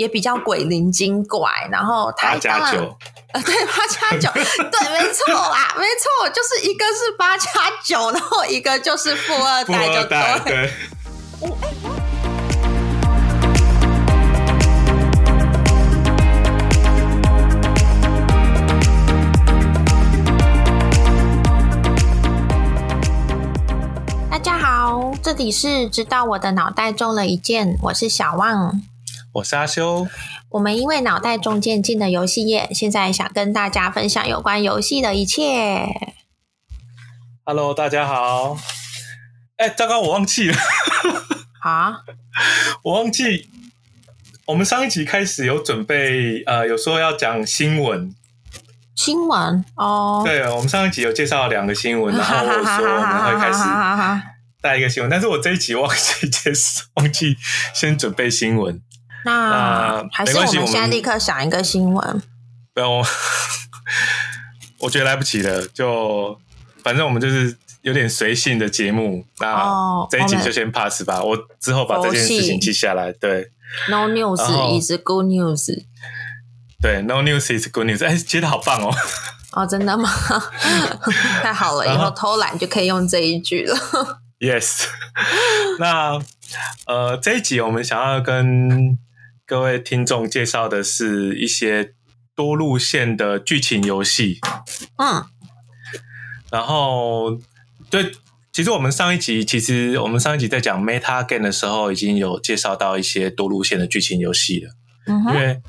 也比較鬼靈精怪，然後他然加九，呃，對，八加九， 對，沒錯啊，沒錯，就是一個是八加九，然後一個就是富二,二代，就對、哦哎哦、大家好，這裡是直到我的腦袋中了一箭，我是小旺。我是阿修。我們因為腦袋中箭進了遊戲業，現在想跟大家分享有關遊戲的一切。Hello，大家好。哎，糟糕，我忘記了。 啊？我忘記。我們上一集開始有準備，呃，有說要講新聞。新聞哦。Oh. 對，我們上一集有介紹了兩個新聞，然後我說我們會開始帶一個新聞， 但是我這一集忘記結束，忘記先準備新聞。那，那還是我們現在立刻想一個新聞。不用，我覺得來不及了。就反正我們就是有點隨性的節目，那、哦、這一集就先 pass 吧、哦。我之後把這件事情記下來。對，no news, news 對，no news is good news。對，no news is good news。哎，覺得好棒哦。哦，真的嗎？ 太好了，然後以後偷懶就可以用這一句了。Yes 那。那呃，這一集我們想要跟各位聽眾介紹的是一些多路線的劇情遊戲，嗯，然後對，其實我們上一集其實我們上一集在講 meta game 的時候，已經有介紹到一些多路線的劇情遊戲了，嗯，因為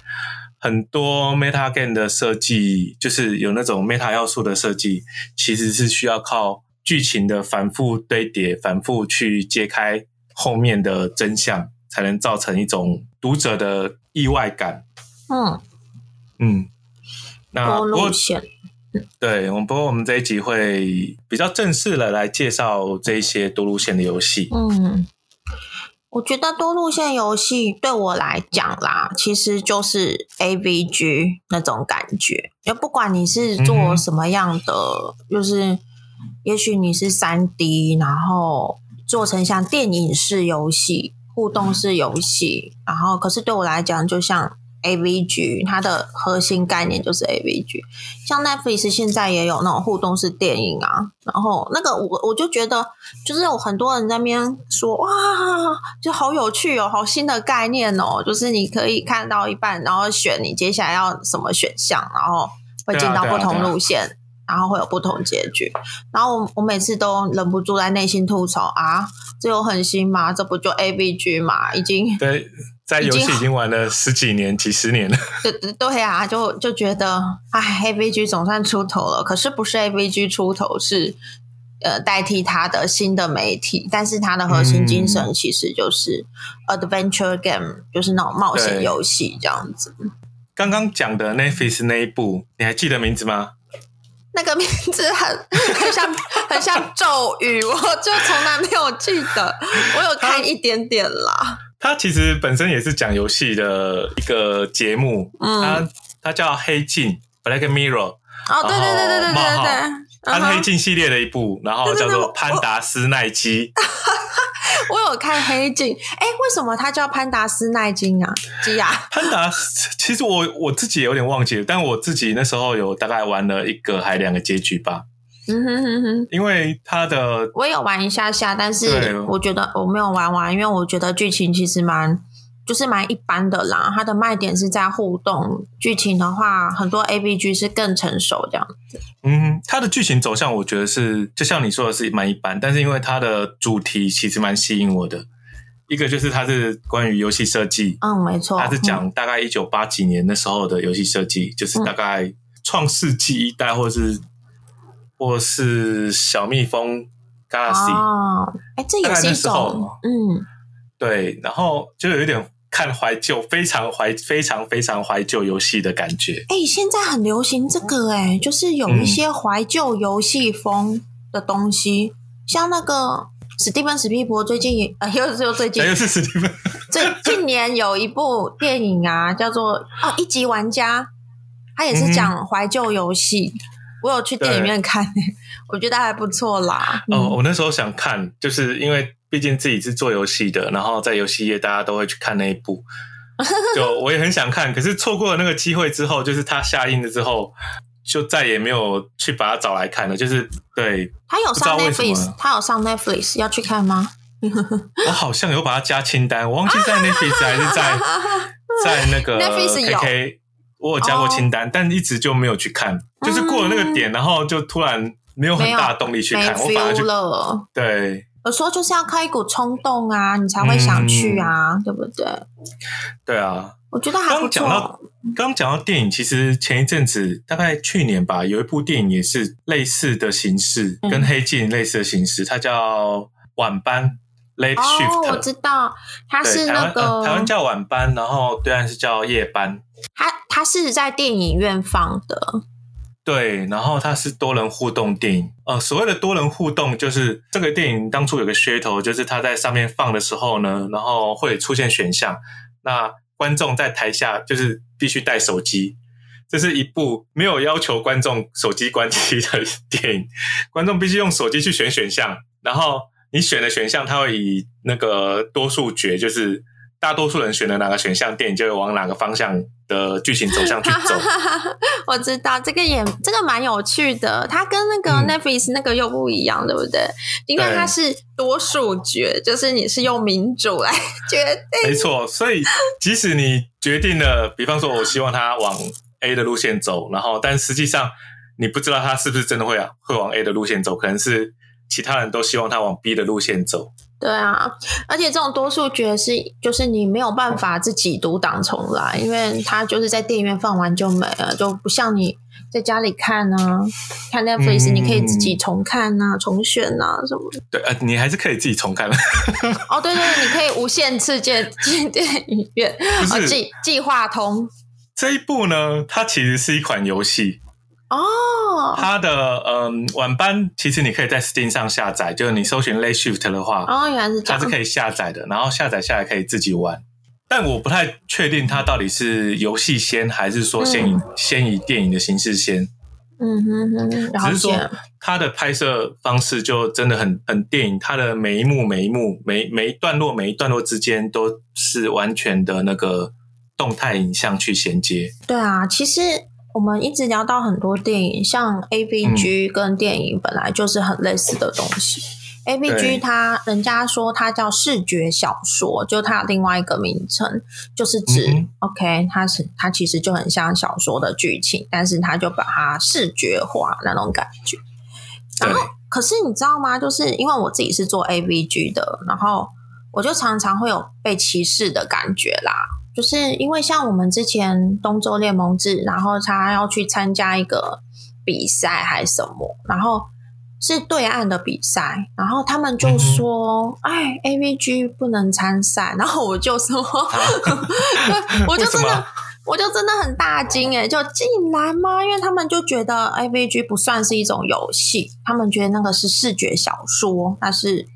很多 meta game 的設計，就是有那種 meta 要素的設計，其實是需要靠劇情的反覆堆疊、反覆去揭開後面的真相。才能造成一種讀者的意外感。嗯嗯，那多路線，對，我們不過我們這一集會比較正式的來介紹這些多路線的遊戲。嗯，我覺得多路線遊戲對我來講啦，其實就是 AVG 那種感覺。要不管你是做什麼樣的，嗯嗯，就是也許你是三 D，然後做成像電影式遊戲。互動式遊戲，然後可是對我來講，就像 AVG，它的核心概念就是 AVG。像 Netflix 現在也有那種互動式電影啊，然後那個我我就覺得，就是有很多人在那邊說哇，就好有趣哦，好新的概念哦，就是你可以看到一半，然後選你接下來要什麼選項，然後會進到不同路線。然後會有不同結局，然後我我每次都忍不住在內心吐槽啊，這有很新嗎？這不就 AVG 嘛？已經在在遊戲已經玩了十幾年、幾十年了。對對，對啊，就就覺得哎，AVG 總算出頭了。可是不是 AVG 出頭，是呃代替他的新的媒體。但是他的核心精神其實就是 adventure game、嗯、就是那種冒險遊戲這樣子。剛剛講的 Netflix 那一部，你還記得名字嗎？那個名字很很像很像咒語， 我就從來沒有記得。我有看一點點啦。它其實本身也是講遊戲的一個節目，嗯，它它叫《黑鏡》（Black Mirror） 哦。哦，對對對對對對對，對對對對對安《黑鏡》系列的一部，然後，對對對然後，叫做《潘達斯奈基》。 我有看黑鏡，哎、欸，為什麼他叫潘達斯奈基啊？基亞，潘達斯，其實我我自己也有點忘記了，但我自己那時候有大概玩了一個還兩個結局吧。嗯哼哼哼，因為他的，我有玩一下下，但是我覺得我沒有玩完，因為我覺得劇情其實蠻。就是蠻一般的啦，它的賣點是在互動劇情的話，很多 AVG 是更成熟這樣子。嗯，它的劇情走向我覺得是就像你說的是蠻一般，但是因為它的主題其實蠻吸引我的，一個就是它是關於遊戲設計，嗯，沒錯，它是講大概一九八幾年那時候的遊戲設計，就是大概創世紀一代，或者是或者是小蜜蜂 Galaxy，哎、哦欸，這也是一種，嗯，對，然後就有點。看懷舊，非常懷，非常非常懷舊遊戲的感覺。哎、欸，現在很流行這個、欸，哎，就是有一些懷舊遊戲風的東西，嗯、像那個史蒂芬史匹柏最近，呃、欸，又是又最近，欸、又是史蒂芬。最近年有一部電影啊， 叫做哦，《一級玩家》，他也是講懷舊遊戲。我有去電影院看， 我覺得還不錯啦、嗯。哦，我那時候想看，就是因為。畢竟自己是做遊戲的，然後在遊戲業，大家都會去看那一部。 就我也很想看，可是錯過了那個機會之後，就是他下映了之後，就再也沒有去把它找來看了。就是對，他有上 Netflix，他有上 Netflix，要去看嗎？ 我好像有把它加清單，我忘記在 Netflix 還是在 在那個 KK, Netflix 有，我有加過清單，哦，但一直就沒有去看。就是過了那個點，然後就突然沒有很大動力去看，嗯、我把他去，對。有時候就是要靠一股衝動啊，你才會想去啊、嗯，對不對？對啊，我覺得還不錯。剛講到，嗯、剛講到電影，其實前一陣子大概去年吧，有一部電影也是類似的形式，嗯、跟《黑鏡》類似的形式，它叫《晚班》（Late、哦、Shift）。哦，我知道，它是那個台灣,、呃、台灣叫晚班，然後對岸是叫夜班。它它是在電影院放的。對，然後它是多人互動電影。呃，所謂的多人互動，就是這個電影當初有個噱頭，就是它在上面放的時候呢，然後會出現選項。那觀眾在台下就是必須帶手機，這是一部沒有要求觀眾手機關機的電影，觀眾必須用手機去選選項。然後你選的選項，它會以那個多數決，就是。大多數人選的哪個選項，電影就會往哪個方向的劇情走向去走 我知道這個也這個蠻有趣的，它跟那個 Netflix、嗯、那個又不一樣，對不對？因為它是多數決，就是你是用民主來決定。沒錯，所以即使你決定了，比方說我希望他往 A 的路線走，然後但實際上你不知道他是不是真的會啊會往 A 的路線走，可能是。其他人都希望他往 B 的路線走。對啊，而且這種多數決是，就是你沒有辦法自己讀檔重來，因為他就是在電影院放完就沒了，就不像你在家裡看啊，看 Netflix 你可以自己重看啊、嗯、重選啊什麼的。對啊、呃，你還是可以自己重看 哦，對，對對，你可以無限次進進電影院啊，計計劃通。這一部呢，它其實是一款遊戲。哦、oh，他的嗯，晚班其實你可以在 Steam 上下載，就是你搜尋 Late Shift 的話，哦、oh, 原來是它是可以下載的，然後下載下來可以自己玩。但我不太確定它到底是遊戲先，還是說先以、嗯、先以電影的形式先。嗯哼哼、嗯嗯嗯，只是說它的拍攝方式就真的很很電影，它的每一幕每一幕每每一段落每一段落之間都是完全的那個動態影像去銜接。對啊，其實。我們一直聊到很多電影，像 AVG 跟電影本來就是很類似的東西。嗯、AVG 它人家說它叫視覺小說，就它有另外一個名稱，就是指、嗯嗯、Okay，它是它其實就很像小說的劇情，但是它就把它視覺化那種感覺。然後可是你知道嗎？就是因為我自己是做 AVG 的，然後我就常常會有被歧視的感覺啦。就是因為像我們之前東周聯盟志，然後他要去參加一個比賽還是什麼，然後是對岸的比賽，然後他們就說：“嗯、哎，AVG 不能參賽。”然後我就說，啊、 我就真的，我就真的很大驚哎、欸，就進來嗎？因為他們就覺得 AVG 不算是一種遊戲，他們覺得那個是視覺小說，那是。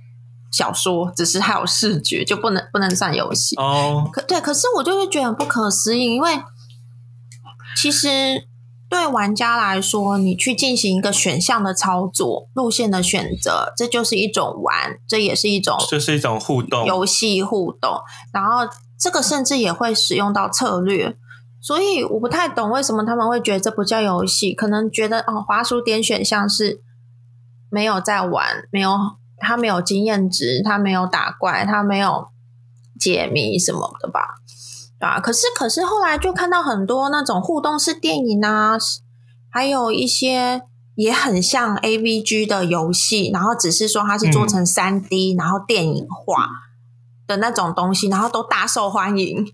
小說只是還有視覺，就不能不能算遊戲。哦、oh.，可對，可是我就是覺得很不可思議，因為其實對玩家來說，你去進行一個選項的操作、路線的選擇，這就是一種玩，這也是一種，這是一種互動遊戲互動。然後這個甚至也會使用到策略，所以我不太懂為什麼他們會覺得這不叫遊戲，可能覺得哦，滑鼠點選項是沒有在玩，沒有。他沒有經驗值，他沒有打怪，他沒有解謎什麼的吧？對啊！可是，可是後來就看到很多那種互動式電影啊，還有一些也很像 AVG 的遊戲，然後只是說它是做成 3D，、嗯、然後電影化的那種東西，然後都大受歡迎。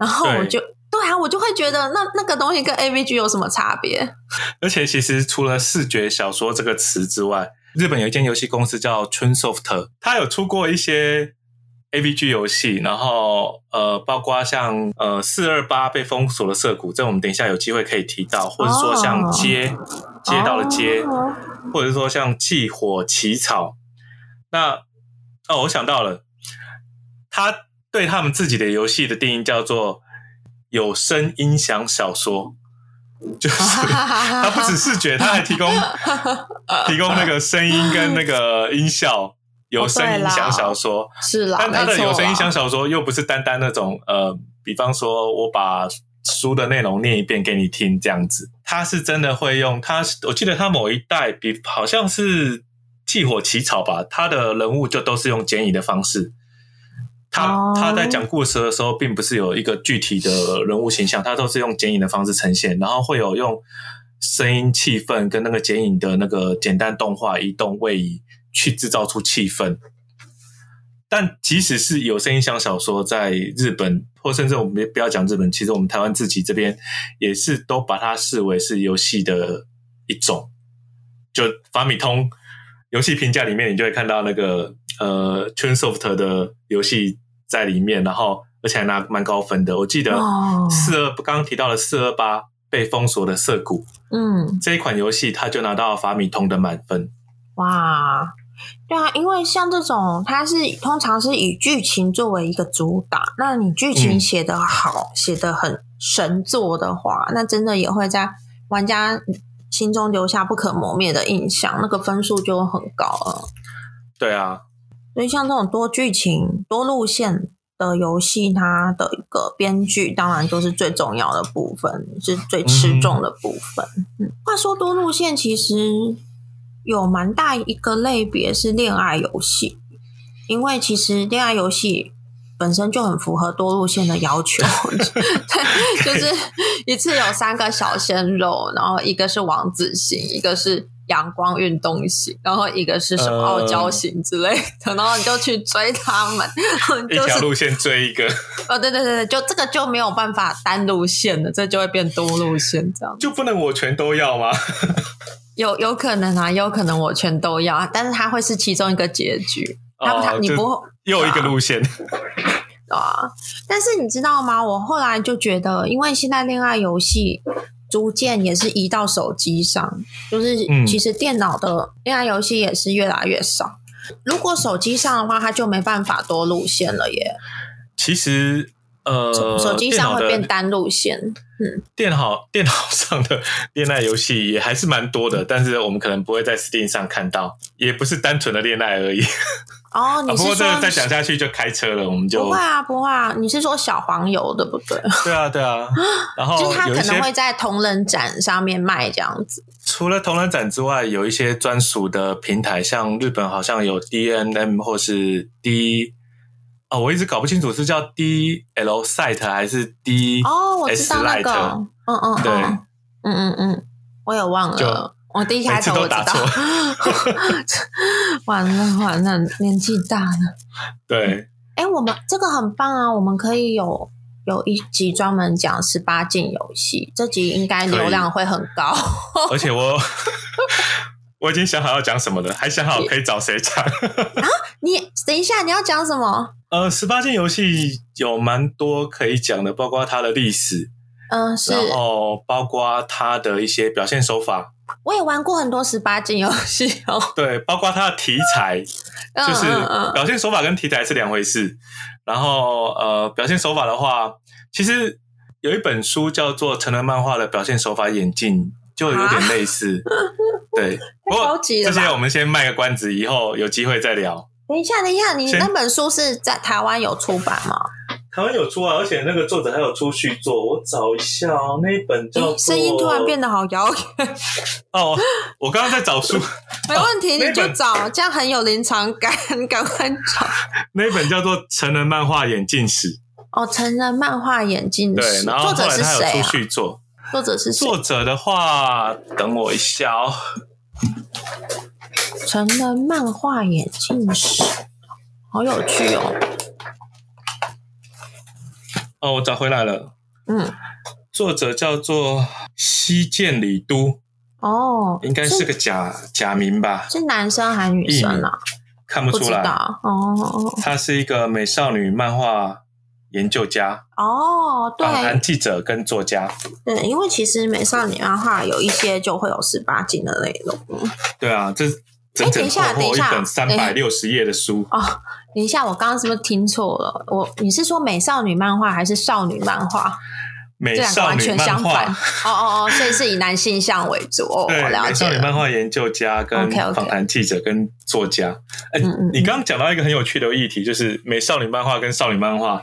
然後我就對，對啊，我就會覺得那那個東西跟 AVG 有什麼差別？而且，其實除了視覺小說這個詞之外，日本有一間遊戲公司叫 Chunsoft，他有出過一些 AVG 遊戲，然後呃，包括像呃四二八被封鎖的澀谷，這我們等一下有機會可以提到，或者是說像街，街道的街，或者說像祭火起草。那哦，我想到了，他對他們自己的遊戲的定義叫做有聲音響小說。 就是，它不止視覺，它 還提供提供那個聲音跟那個音效， 哦、有聲音響小，小說是啦，但它的有聲音響小，小說又不是單單那種呃，比方說我把書的內容念一遍給你聽這樣子，它是真的會用，它是我記得它某一代比好像是《替火起草》吧，它的人物就都是用剪影的方式。他他在講故事的時候，並不是有一個具體的人物形象，他都是用剪影的方式呈現，然後會有用聲音、氣氛跟那個剪影的那個簡單動畫移動位移去製造出氣氛。但即使是有聲音響小說，在日本或甚至我們也不要講日本，其實我們台灣自己這邊也是都把它視為是遊戲的一種。就法米通遊戲評價裡面，你就會看到那個。呃 Chunsoft 的遊戲在裡面，然後而且還拿蠻高分的。我記得四二，剛剛提到了四二八被封鎖的《澀谷》，嗯，這一款遊戲，它就拿到法米通的滿分。哇，對啊，因為像這種，它是通常是以劇情作為一個主打，那你劇情寫得好，寫、嗯、得很神作的話，那真的也會在玩家心中留下不可磨滅的印象，那個分數就很高了。對啊。所以像這種多劇情、多路線的遊戲，它的一個編劇當然就是最重要的部分，是最吃重的部分。嗯，嗯，話說多路線其實有蠻大一個類別是戀愛遊戲，因為其實戀愛遊戲本身就很符合多路線的要求， 對，就是一次有三個小鮮肉，然後一個是王子型，一個是。陽光運動型，然後一個是什麼傲嬌型之類的，嗯、 然後你就去追他們，一條路線追一個。 哦，對對對就這個就沒有辦法單路線了，這就會變多路線這樣。就不能我全都要嗎？ 有有可能啊，有可能我全都要，但是它會是其中一個結局。他、oh, 你不會又一個路線啊, 啊？但是你知道嗎？我後來就覺得，因為現在戀愛遊戲。逐漸也是移到手機上，就是其實電腦的戀愛遊戲也是越來越少、嗯。如果手機上的話，它就沒辦法多路線了耶。其實，呃，手機上會變單路線。電腦的、嗯、電腦、電腦上的戀愛遊戲也還是蠻多的、嗯，但是我們可能不會在 Steam 上看到，也不是單純的戀愛而已。哦，你是說你是，啊，不過這個再講下去就開車了，我們就不會啊，不會啊。你是說小黃油對不對？ 對啊，對啊。然後就他可能會在同人展上面賣這樣子。除了同人展之外，有一些專屬的平台，像日本好像有 D N M 或是 D 哦，我一直搞不清楚是叫 D L Site 還是 D 哦，我知道那個、Light，嗯，嗯嗯，對，嗯嗯嗯，我也忘了。.我第一開頭我打錯我，打錯 完了完了，年紀大了。對，哎、欸，我們這個很棒啊，我們可以有有一集專門講十八禁遊戲，這集應該流量會很高。而且我 我已經想好要講什麼了，還想好可以找誰講啊？你，等一下，你要講什麼？呃，十八禁遊戲有蠻多可以講的，包括它的歷史，嗯、呃，然後包括它的一些表現手法。我也玩過很多十八禁遊戲哦。對，包括它的題材， 嗯嗯嗯，就是表現手法跟題材是兩回事。然後呃，表現手法的話，其實有一本書叫做《成人漫畫的表現手法演進》，就有點類似。啊、 對，不過這些我們先賣個關子，以後有機會再聊。等一下，等一下，你那本書是在台灣有出版嗎？ 台灣有出啊，而且那個作者還有出續作。我找一下哦、喔，那一本叫做、欸……聲音突然變得好遙遠。哦，我剛剛在找書。 沒問題、哦，你就找，這樣很有臨場感。你趕快找。那一本叫做《成人漫畫眼鏡史》。哦，《成人漫畫眼鏡史》。對，然後後來他還有出續作。作者是誰啊？作者是誰？作者的話，等我一下哦、喔。成人漫畫眼鏡史，好有趣哦、喔。哦，我找回來了。嗯，作者叫做西澗里都。哦，應該是個假假名吧？是男生還是女生啊？看不出來。知道，哦，他是一個美少女漫畫研究家。哦，對。啊、記者跟作家。對，因為其實美少女漫畫有一些就會有十八禁的內容。對啊，這。哎，等一下，等一下，三百六十頁的書哦，等一下，我剛剛是不是聽錯了？我你是說美少女漫畫還是少女漫畫？美少女漫畫，完全相反 哦哦哦，所以是以男性向為主。哦、對我了解了，美少女漫畫研究家、跟訪談記者、跟作家。哎、okay, okay.，你剛剛講到一個很有趣的議題，就是美少女漫畫跟少女漫畫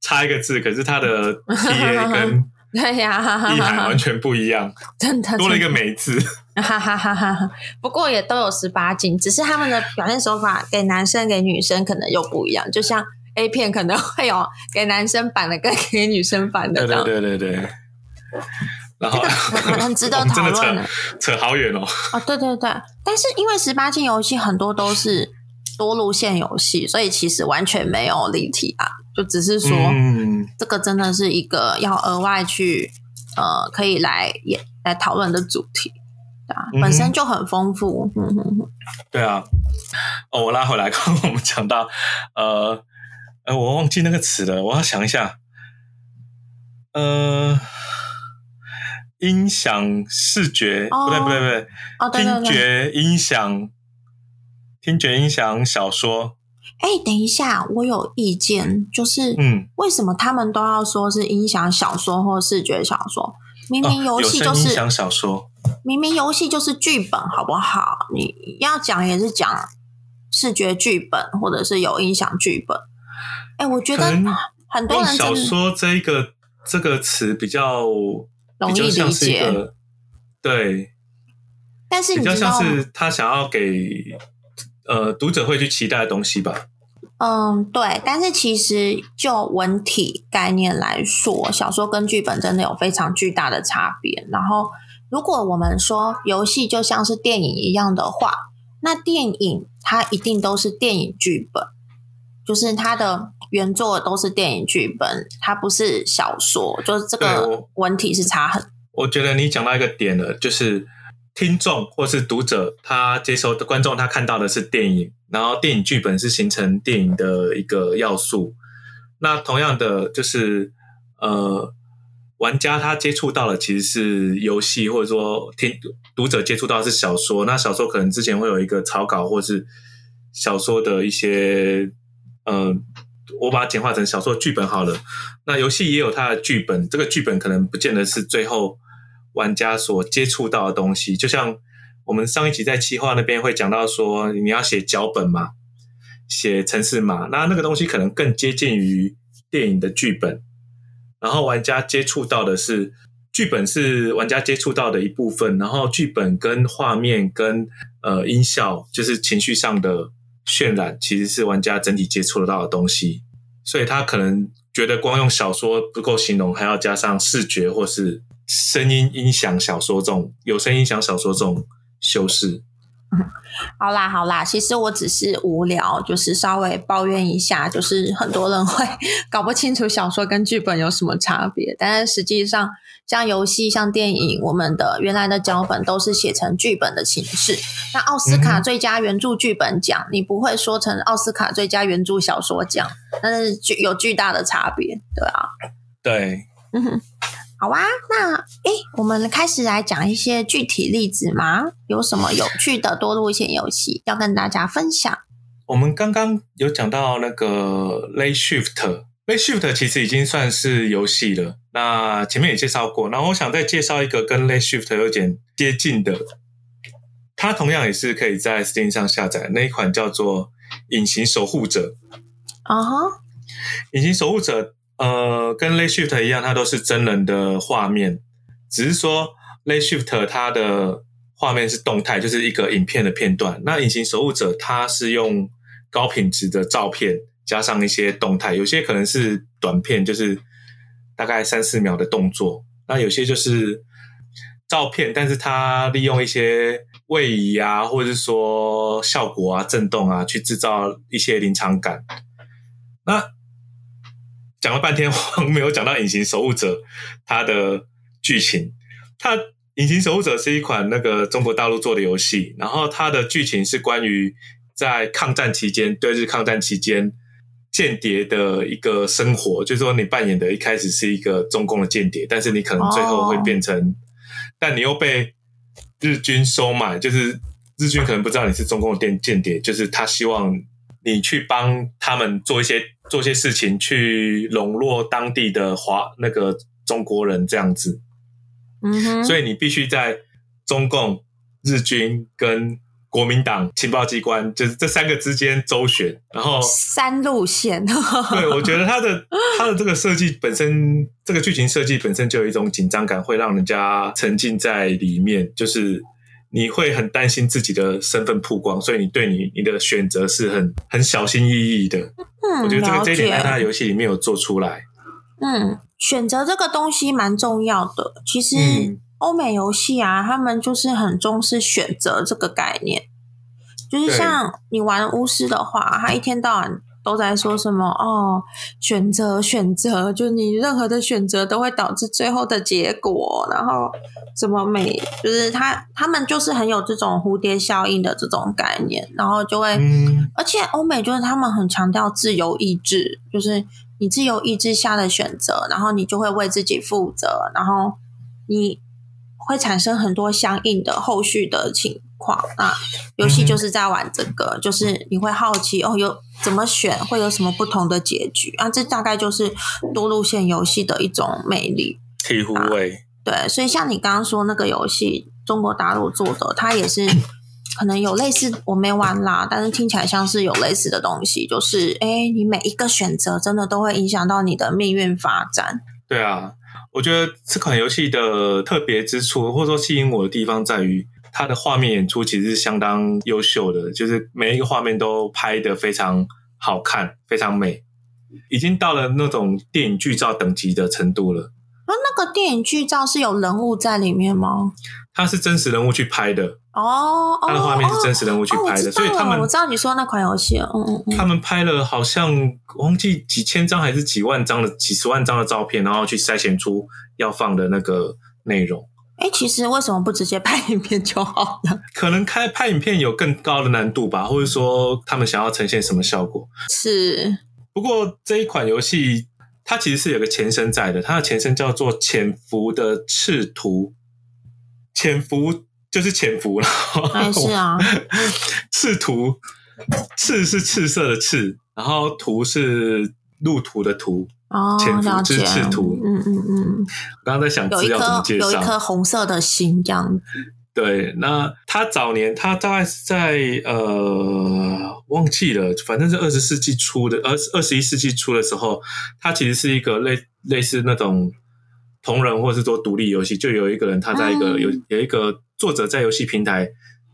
差一個字，可是它的 TA 跟。 對呀、啊，一害，完全不一樣， 真的多了一個一“美”字，哈哈哈！哈哈。不過也都有十八禁，只是他們的表現手法給男生給女生可能又不一樣，就像 A 片可能會有給男生版的跟給女生版的這樣，對對對對對。然後、這個、很值得討論，真的扯，扯好遠哦。哦，對對對，但是因為十八禁遊戲很多都是多路線遊戲，所以其實完全沒有離題啊。就只是說、嗯，這個真的是一個要額外去呃，可以來也來討論的主題，對吧、嗯、本身就很豐富、嗯。對啊，哦，我拉回來，剛剛我們講到呃，呃，我忘記那個詞了，我要想一下。呃，音響視覺、哦、不，不，不，不、哦、對不對不對，對，聽覺音響，聽覺音響小說。哎、欸，等一下，我有意見，嗯、就是，為什麼他們都要說是音響小說或視覺小說？明明遊戲就是小說，明明遊戲就是劇本，好不好？你要講也是講視覺劇本，或者是有音響劇本。哎、欸，我覺得很多人說這個這個詞比較容易理解，對，但是比較像是他想要給。呃，讀者會去期待的東西吧。嗯，對。但是其實就文體概念來說，小說跟劇本真的有非常巨大的差別。然後，如果我們說遊戲就像是電影一樣的話，那電影它一定都是電影劇本，就是它的原作都是電影劇本，它不是小說，就是這個文體是差很多。我覺得你講到一個點呢，就是。聽眾或是讀者，他接收的觀眾，他看到的是電影，然後電影劇本是形成電影的一個要素。那同樣的，就是呃，玩家他接觸到的其實是遊戲，或者說聽讀者接觸到的是小說。那小說可能之前會有一個草稿，或是小說的一些呃，我把它簡化成小說劇本好了。那遊戲也有它的劇本，這個劇本可能不見得是最後。玩家所接觸到的東西，就像我們上一集在企劃那邊會講到說，說你要寫腳本嘛，寫程式碼，那那個東西可能更接近於電影的劇本。然後玩家接觸到的是劇本，是玩家接觸到的一部分。然後劇本跟畫面跟呃音效，就是情緒上的渲染，其實是玩家整體接觸得到的東西。所以他可能覺得光用小說不夠形容，還要加上視覺或是。聲音、音響小說中有聲音響小說中修飾、嗯。好啦，好啦，其實我只是無聊，就是稍微抱怨一下，就是很多人會搞不清楚小說跟劇本有什麼差別。但是實際上，像遊戲、像電影，我們的原來的腳本都是寫成劇本的形式。那奧斯卡最佳原著劇本獎、嗯，你不會說成奧斯卡最佳原著小說獎，但是有巨大的差別，對啊？對，嗯好哇、啊，那哎，我們開始來講一些具體例子嗎？有什麼有趣的多路線遊戲要跟大家分享？我們剛剛有講到那個 Late Shift，Late Shift 其實已經算是遊戲了。那前面也介紹過，那我想再介紹一個跟 Late Shift 有點接近的，它同樣也是可以在 Steam 上下載那一款叫做《隱形守護者》啊，《隱形守護者》。呃，跟 Late Shift 一樣，它都是真人的畫面，只是說 Late Shift 它的畫面是動態，就是一個影片的片段。那《隱形守護者》它是用高品質的照片加上一些動態，有些可能是短片，就是大概三四秒的動作；那有些就是照片，但是它利用一些位移啊，或者是說效果啊、震動啊，去製造一些臨場感。那講了半天，我沒有講到《隱形守護者》它的劇情。它《隱形守護者》是一款那個中國大陸做的遊戲，然後它的劇情是關於在抗戰期間，對日抗戰期間間間諜的一個生活。就是說，你扮演的一開始是一個中共的間諜，但是你可能最後會變成，oh. 但你又被日軍收買。就是日軍可能不知道你是中共的間間諜，就是他希望你去幫他們做一些。做些事情去籠絡當地的華那個中國人這樣子，嗯哼，所以你必須在中共、日軍跟國民黨情報機關，就是這三個之間周旋，然後三路線。 對，我覺得他的他的這個設計本身，這個劇情設計本身就有一種緊張感，會讓人家沉浸在裡面。就是你會很擔心自己的身份曝光，所以你對你你的選擇是很很小心翼翼的。我覺得這個點在遊戲裡面有做出來。嗯，選擇這個東西蠻重要的。其實歐美遊戲啊，他們就是很重視選擇這個概念。就是像你玩巫師的話，他一天到晚。都在說什麼哦？選擇，選擇，就你任何的選擇都會導致最後的結果。然後，怎麼美？就是他，他們就是很有這種蝴蝶效應的這種概念。然後就會、嗯，而且歐美就是他們很強調自由意志，就是你自由意志下的選擇，然後你就會為自己負責，然後你會產生很多相應的後續的情。況啊，遊戲就是在玩這個，嗯、就是你會好奇哦，有怎麼選會有什麼不同的結局啊？這大概就是多路線遊戲的一種魅力。可以互為對，所以像你剛剛說那個遊戲，中國大陸做的，它也是可能有類似，我沒玩啦、嗯，但是聽起來像是有類似的東西，就是哎、欸，你每一個選擇真的都會影響到你的命運發展。對啊，我覺得這款遊戲的特別之處，或者說吸引我的地方在於。它的畫面演出其實是相當優秀的，就是每一個畫面都拍得非常好看、非常美，已經到了那種電影劇照等級的程度了。那、啊、那個電影劇照是有人物在裡面嗎？它是真實人物去拍的哦？哦，它的畫面是真實人物去拍的，哦哦、所以他們我知道你說那款遊戲，嗯，嗯他們拍了好像我忘記幾千張還是幾萬張的幾十萬張的照片，然後去篩選出要放的那個內容。哎，其實為什麼不直接拍影片就好了？可能開拍影片有更高的難度吧，或者說他們想要呈現什麼效果。是。不過這一款遊戲，它其實是有個前身在的，它的前身叫做《潛伏的赤途》。潛伏就是潛伏了，是啊，赤途，赤是赤色的赤，然後途是路途的途。哦，支持、就是、圖，嗯嗯嗯。我剛剛在想，資料怎麼介紹。有一顆紅色的心，這樣。對，那他早年他大概是在呃忘記了，反正是二十世紀初的，二十二十一世紀初的時候，他其實是一個類類似那種同人，或者是說獨立遊戲，就有一個人他在一個有、嗯、有一個作者在遊戲平台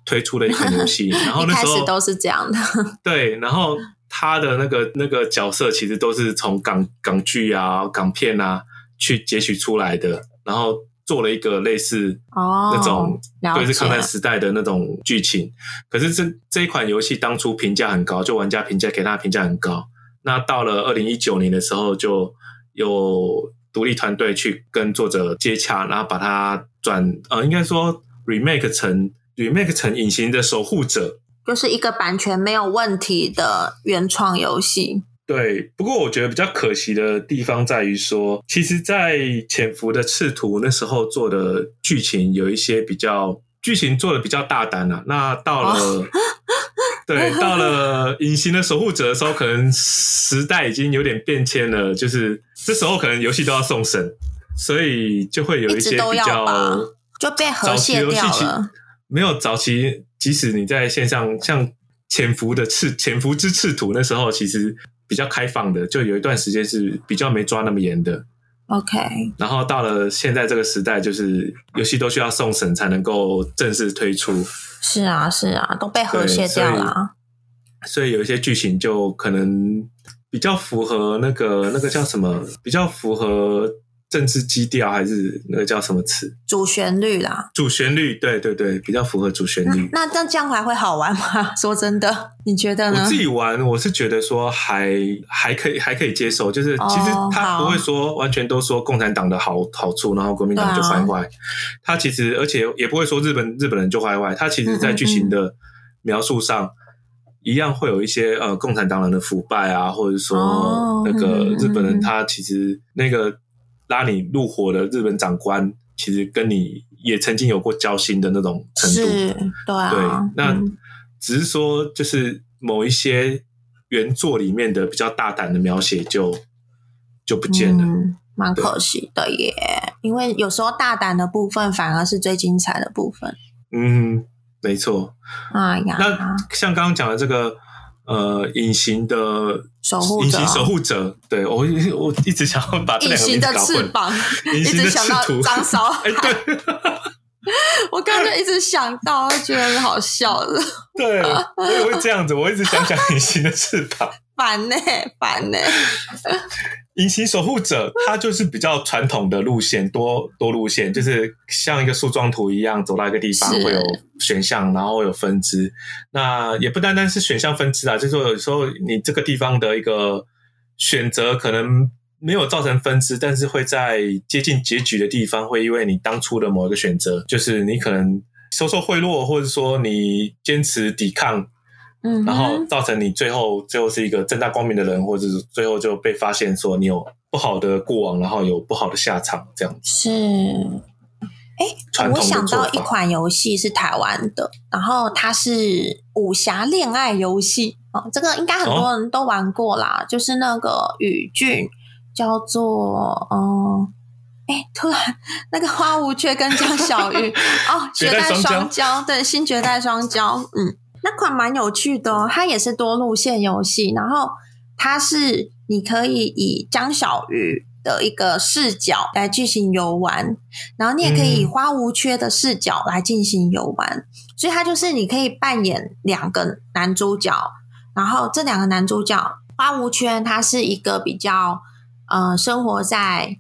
推出了一款遊戲，然 後一開始都是這樣的。對，然後。他的那個那個角色其實都是從港港劇啊、港片啊去截取出來的，然後做了一個類似哦那種哦對是抗戰時代的那種劇情。可是這這一款遊戲當初評價很高，就玩家評價給他評價很高。那到了二零一九年的時候，就有獨立團隊去跟作者接洽，然後把它轉呃，應該說 remake 成 remake 成《隱形的守護者》。就是一個版權沒有問題的原創遊戲。對，不過我覺得比較可惜的地方在於說，其實，在《潛伏的赤途》那時候做的劇情有一些比較劇情做的比較大膽了、啊。那到了、哦、對 到了《隱形的守護者》的時候，可能時代已經有點變遷了。就是這時候可能遊戲都要送審，所以就會有一些比較就被和諧掉了。沒有早期，即使你在線上像《潛伏的赤》《潛伏之赤途》那時候，其實比較開放的，就有一段時間是比較沒抓那麼嚴的。OK。然後到了現在這個時代，就是遊戲都需要送審才能夠正式推出。是啊，是啊，都被和諧掉了所。所以有一些劇情就可能比較符合那個那個叫什麼，比較符合。政治基調還是那個叫什麼詞？主旋律啦，主旋律，對對對，比較符合主旋律。那，那這樣這樣還會好玩嗎？說真的，你覺得呢？我自己玩，我是覺得說還還可以，還可以接受。就是其實他不會說、哦、完全都說共產黨的好好處，然後國民黨就壞壞、哦。他其實而且也不會說日本日本人就壞壞。他其實在劇情的描述上嗯嗯嗯，一樣會有一些呃共產黨人的腐敗啊，或者說、哦、那個日本人他其實那個。拉你入夥的日本長官，其實跟你也曾經有過交心的那種程度，是，對啊，對，那只是說，就是某一些原作裡面的比較大膽的描寫，就就不見了，嗯，蠻可惜的耶。因為有時候大膽的部分，反而是最精彩的部分。嗯，沒錯。哎呀，那像剛剛講的這個。呃，隱形的守護者，隱形守護者，啊，對我，我一直想要把隱形的翅膀，一直想到張韶涵，哎，欸，對， 我剛才一直想到， 覺得很好笑的，對，我也會這樣子，我一直想講隱形的翅膀，煩 呢，欸，煩呢、欸。 隱形守護者，它就是比較傳統的路線，多多路線，就是像一個樹狀圖一樣，走到一個地方會有選項，然後會有分支。那也不單單是選項分支啦，就是說有時候你這個地方的一個選擇可能沒有造成分支，但是會在接近結局的地方，會因為你當初的某一個選擇，就是你可能收受賄賂，或者說你堅持抵抗。嗯，然後造成你最後最後是一個正大光明的人，或者是最後就被發現說你有不好的過往，然後有不好的下場這樣子。是，哎，我想到一款遊戲是台灣的，然後它是武俠戀愛遊戲哦，這個應該很多人都玩過啦，哦、就是那個語俊叫做嗯，哎，突然那個花無缺跟江小魚 哦，絕代雙驕，對，新絕代雙驕，嗯。那款蠻有趣的哦，它也是多路線遊戲，然後它是你可以以江小魚的一個視角來進行遊玩，然後你也可以以花無缺的視角來進行遊玩，嗯、所以它就是你可以扮演兩個男主角，然後這兩個男主角花無缺他是一個比較呃生活在。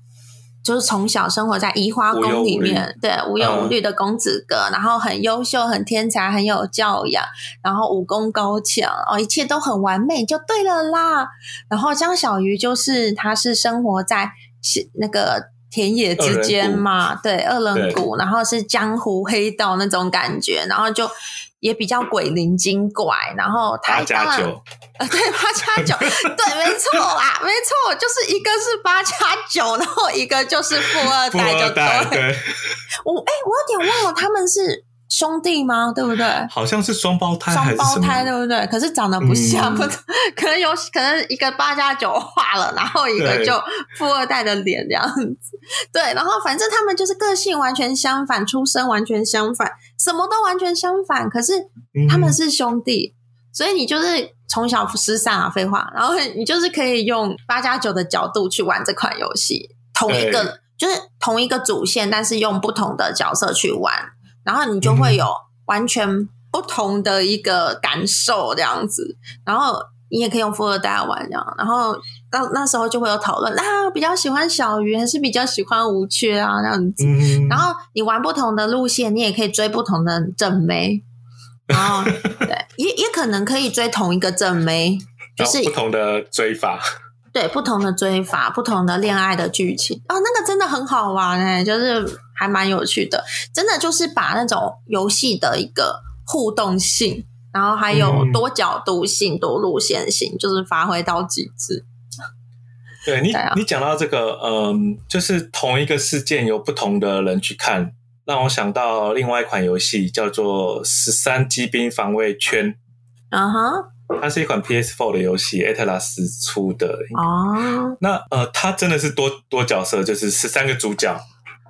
就是從小生活在移花宮裡面，無憂無慮，對，無憂無慮的公子哥，啊，然後很優秀、很天才、很有教養，然後武功高強哦，一切都很完美，就對了啦。然後江小魚就是，他是生活在那個田野之間嘛，對，惡人谷，然後是江湖黑道那種感覺，然後就。也比較鬼靈精怪，然後他加九，呃，對，八加九， 對，沒錯啦，沒錯，就是一個是八加九，然後一個就是富二,二代，就對，對，我哎、欸，我有點忘了他們是。兄弟嗎？對不對？好像是雙胞，胞胎，雙胞胎對不對？可是長得不像，嗯就是、可能有可能一個八加九化了，然後一個就富二代的臉這樣子。對，對，然後反正他們就是個性完全相反，出身完全相反，什麼都完全相反，可是他們是兄弟、嗯，所以你就是從小失散啊，廢話。然後你就是可以用八加九的角度去玩這款遊戲，同一個就是同一個主線，但是用不同的角色去玩。然後你就會有完全不同的一個感受，這樣子、嗯。然後你也可以用富二代玩這樣。然後到那時候就會有討論啊，比較喜歡小魚還是比較喜歡無缺啊，這樣子、嗯。然後你玩不同的路線，你也可以追不同的正妹、嗯。然後對，也也可能可以追同一個正妹，就是然後不同的追法。對，不同的追法，不同的戀愛的劇情。啊、哦，那個真的很好玩哎、欸，就是。還蠻有趣的，真的就是把那種遊戲的一個互動性，然後還有多角度性、嗯、多路線性，就是發揮到極致。對你，對啊、你講到這個，嗯，就是同一個事件由不同的人去看，讓我想到另外一款遊戲叫做《十三機兵防衛圈》。啊哈，它是一款 PS4 的遊戲，艾特拉斯出的。哦、uh -huh，那呃，它真的是多多角色，就是十三個主角。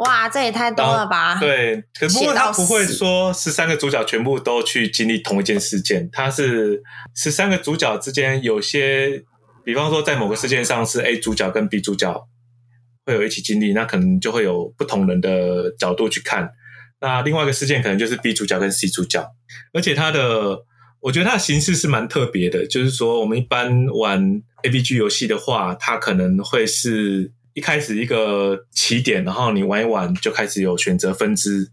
哇，這也太多了吧！對，可是他不會說是13個主角全部都去經歷同一件事件，他是13個主角之間有些，比方說在某個事件上是 A 主角跟 B 主角會有一起經歷，那可能就會有不同人的角度去看。那另外一個事件可能就是 B 主角跟 C 主角，而且它的，我覺得它的形式是蠻特別的，就是說我們一般玩 AVG 遊戲的話，它可能會是，一開始一個起點，然後你玩一玩就開始有選擇分支。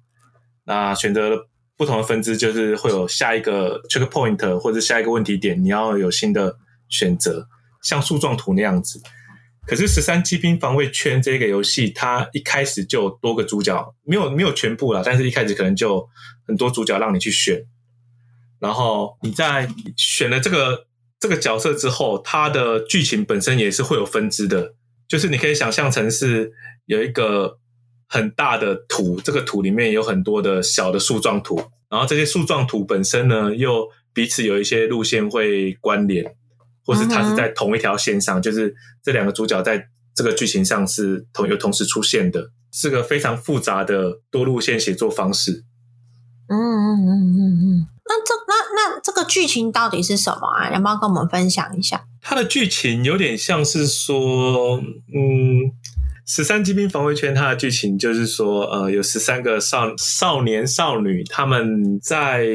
那選擇不同的分支，就是會有下一個 checkpoint 或者下一個問題點，你要有新的選擇，像樹狀圖那樣子。可是《十三機兵防衛圈》這個遊戲，它一開始就多個主角，沒有沒有全部啦，但是一開始可能就很多主角讓你去選。然後你在選了這個這個角色之後，它的劇情本身也是會有分支的。就是你可以想象成是有一個很大的圖，這個圖裡面有很多的小的樹狀圖，然後這些樹狀圖本身呢，又彼此有一些路線會關聯，或是它是在同一條線上，就是這兩個主角在這個劇情上是同，又同時出現的，是個非常複雜的多路線寫作方式。嗯嗯嗯嗯嗯，那這那那這個劇情到底是什麼啊？要不要跟我們分享一下？它的劇情有點像是說，嗯，《十三機兵防衛圈》它的劇情就是說，呃，有十三個少少年少女，他們在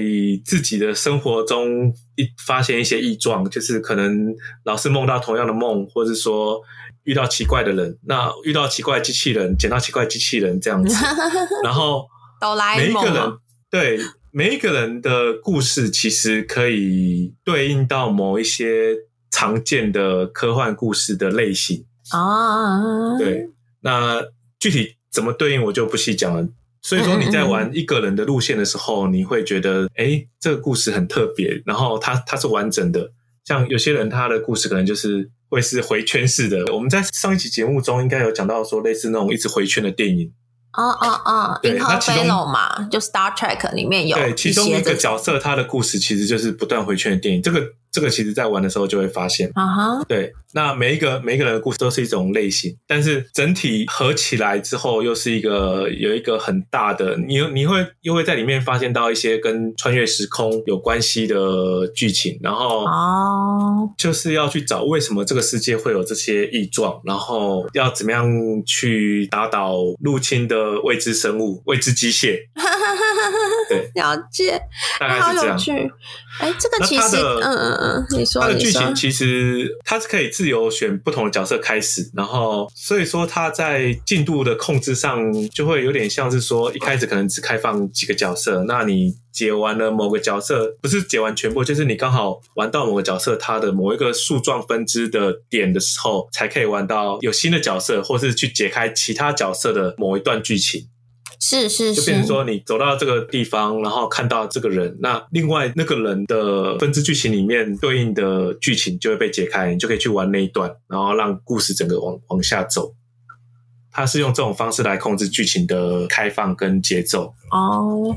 自己的生活中一發現一些異狀，就是可能老是夢到同樣的夢，或者說遇到奇怪的人，那遇到奇怪機器人，撿到奇怪機器人這樣子， 然後，每一個人。對每一個人的故事，其實可以對應到某一些常見的科幻故事的類型啊。Oh. 對，那具體怎麼對應，我就不細講了。所以說，你在玩一個人的路線的時候，你會覺得，誒，這個故事很特別，然後它它是完整的。像有些人他的故事可能就是會是回圈式的。我們在上一期節目中應該有講到說，類似那種一直回圈的電影。啊啊啊！銀河飛龍嘛，就《Star Trek》裡面有，對，其中一個角色，他的故事其實就是不斷迴圈的電影。這個。這個其實，在玩的時候就會發現，uh-huh. 對。那每一個每一個人的故事都是一種類型，但是整體合起來之後，又是一個有一個很大的。你你會又會在裡面發現到一些跟穿越時空有關係的劇情，然後哦，就是要去找為什麼這個世界會有這些異狀，然後要怎麼樣去打倒入侵的未知生物、未知機械。 對，了解，大概是這樣。哎，好有趣。哎，這個其實，嗯嗯嗯，你說，你說，它的劇情其實它是可以自由選不同的角色開始，然後，所以說它在進度的控制上就會有點像是說，一開始可能只開放幾個角色，那你解完了某個角色，不是解完全部，就是你剛好玩到某個角色它的某一個樹狀分支的點的時候，才可以玩到有新的角色，或是去解開其他角色的某一段劇情。是是是，就變成說你走到這個地方，然後看到這個人，那另外那個人的分支劇情裡面對應的劇情就會被解開，你就可以去玩那一段，然後讓故事整個往往下走。他是用這種方式來控制劇情的開放跟節奏。哦，